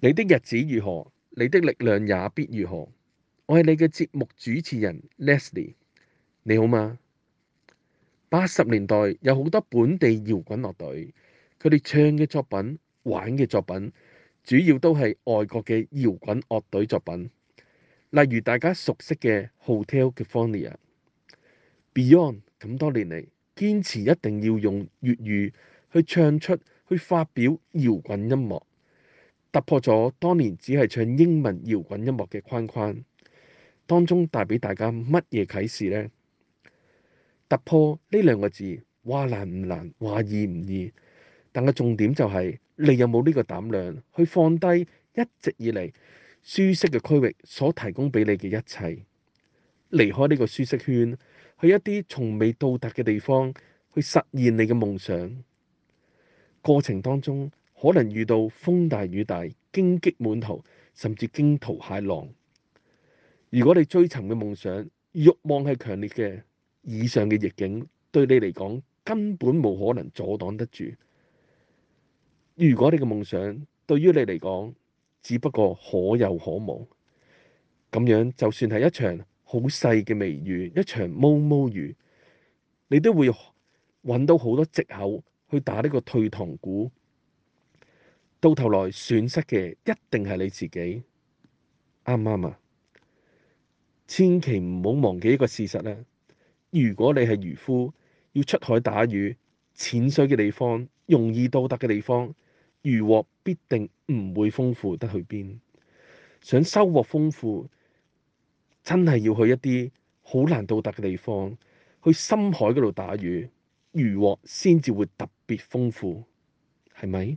你的日子如何？你的力量也必如何？我係你嘅節目主持人 Leslie，你好嗎？八十年代有好多本地搖滾樂隊，佢哋唱嘅作品、玩嘅作品，主要都係外國嘅搖滾樂隊作品，例如大家熟悉嘅 Hotel California。Beyond 咁多年嚟堅持一定要用粵語去唱出去發表搖滾音樂。突破咗當年只係唱英文搖滾音樂嘅框框，當中帶俾大家乜嘢啟示呢？突破呢兩個字話難唔難，話易唔易？但個重點就係，你有冇呢個膽量去放低一直以嚟舒適嘅區域所提供俾你嘅一切，離開呢個舒適圈，去一啲從未到達嘅地方，去實現你嘅夢想。過程當中，可能遇到風大雨大，荊棘滿途，甚至驚濤駭浪。如果你追尋嘅夢想欲望係強烈嘅，以上嘅逆境對你嚟講根本冇可能阻擋得住。如果你嘅夢想對於你嚟講只不過可有可無，咁樣就算係一場好細嘅微雨，一場毛毛雨，你都會揾到好多借口去打呢個退堂鼓。到頭來損失嘅一定係你自己，啱唔啱啊？千祈唔好忘記一個事實咧。如果你係漁夫，要出海打魚，淺水嘅地方，容易到達嘅地方，漁獲必定唔會豐富得去邊。想收穫豐富，真係要去一啲好難到達嘅地方，去深海嗰度打魚，漁獲先至會特別豐富，係咪？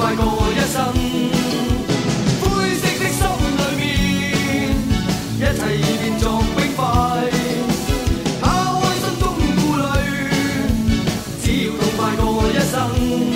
痛快過一生，灰色的心裏面，一切已變作冰塊，拋開心中顧慮，只要痛快過一生。